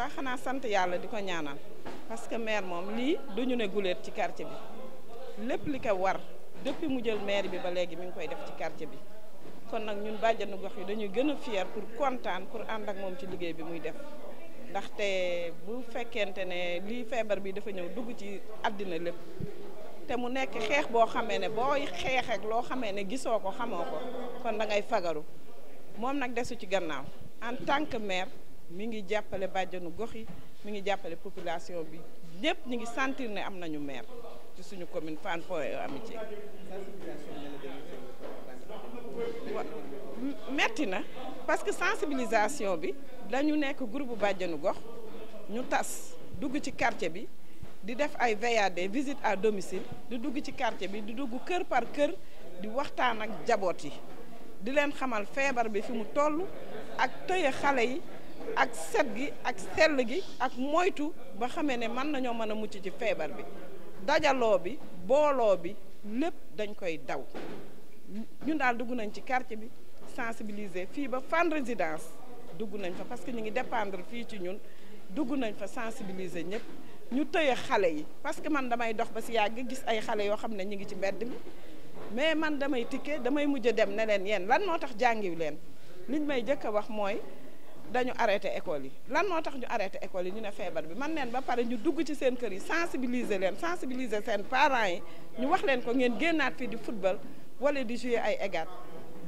waa xanaa sant yàlla di ko ñaanal parce que maire moom lii duñu ne guléet ci quartier bi lépp li ko war depuis mu jël maire bi ba léegi mi ngi koy def ci quartier bi kon nag ñun bàjjanu gox yi dañuy gën a fier pour kontaan pour ànd ak moom ci liggéey bi muy def ndaxte bu fekkente ne lii feebar bi dafa ñëw dugg ci àddina lépp te mu nekk xeex boo xamee ne booy xeex ak loo xamee ne gisoo ko xamoo ko kon da ngay fagaru moom nag desu ci gannaaw en tant que maire mi ngi jàppale bàjjanu gox yi mi ngi jàppale population bi ñëpp ñu ngi sentir ne am nañu maire ci suñu commune Fann Point E Amitié metti na parce que sensibilisation bi dañu nekk groupe bàjjanu gox ñu tas dugg ci quartier bi di def ay VAD visite à domicile di dugg ci quartier bi di dugg kër par kër di waxtaan ak jaboot yi di leen xamal feebar bi fi mu toll ak tëye xale yi ak set gi ak sell gi ak moytu ba xamee ne mën nañoo mën a mucc ci feebar bi dajaloo bi booloo bi lépp dañ koy daw ñun daal dugg nañ ci quartier bi sensibiliser fii ba Fann Résidence dugg nañ fa parce que ñu ngi dépendre fii ci ñun dugg nañ fa sensibiliser ñëpp ñu tëye xale yi parce que man damay dox ba si yàgg gis ay xale yoo xam ne ñu ngi ci mbedd mi mais man damay tikke damay mujj a dem ne leen yéen lan moo tax jàngiw leen liñ may jëkk a wax mooy dañu arrêté école yi lan moo tax ñu arrêté école yi ñu ne feebar bi man leen ba pare ñu dugg ci seen kër yi sensibiliser leen sensibiliser seen parents yi ñu wax leen ko ngeen génnaat fii di football wala di jouer ay égat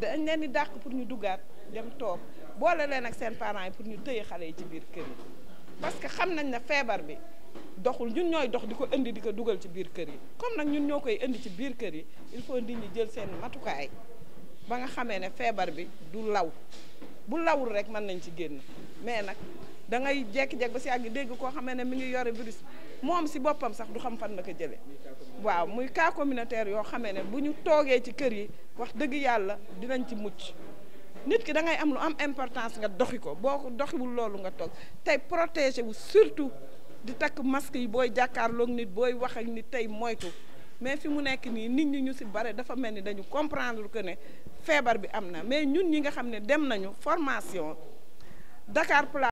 dañ leen di dàq pour ñu duggaat dem toog boole leen ak seen parents yi pour ñu tëye xale yi ci biir kër yi parce que xam nañ ne feebar bi doxul ñun ñooy dox di ko indi di ko dugal ci biir kër yi comme nag ñun ñoo koy indi ci biir kër yi il faut nit ñi jël seen matukaay ba nga xamee ne feebar bi du law bu lawul rek mën nañ ci génn mais nag da ngay jékki-jékki ba si àgg dégg koo xamee ne mi ngi yore virus moom si boppam sax du xam fan la ko jëlee waaw muy kaa communautaire yoo xamee ne bu ñu toogee ci kër yi wax dëgg yàlla dinañ ci mucc nit ki da ngay am lu am importance nga doxi ko boo ko doxiwul loolu nga toog tey protéger wu surtout di takk masque yi booy jàkkaarloog nit booy wax ak nit tey moytu mais fi mu nekk nii nit ñi ñu si bare dafa mel ni dañu comprendre que ne feebar bi am na mais ñun ñi nga xam ne dem nañu formation Dakar Plateau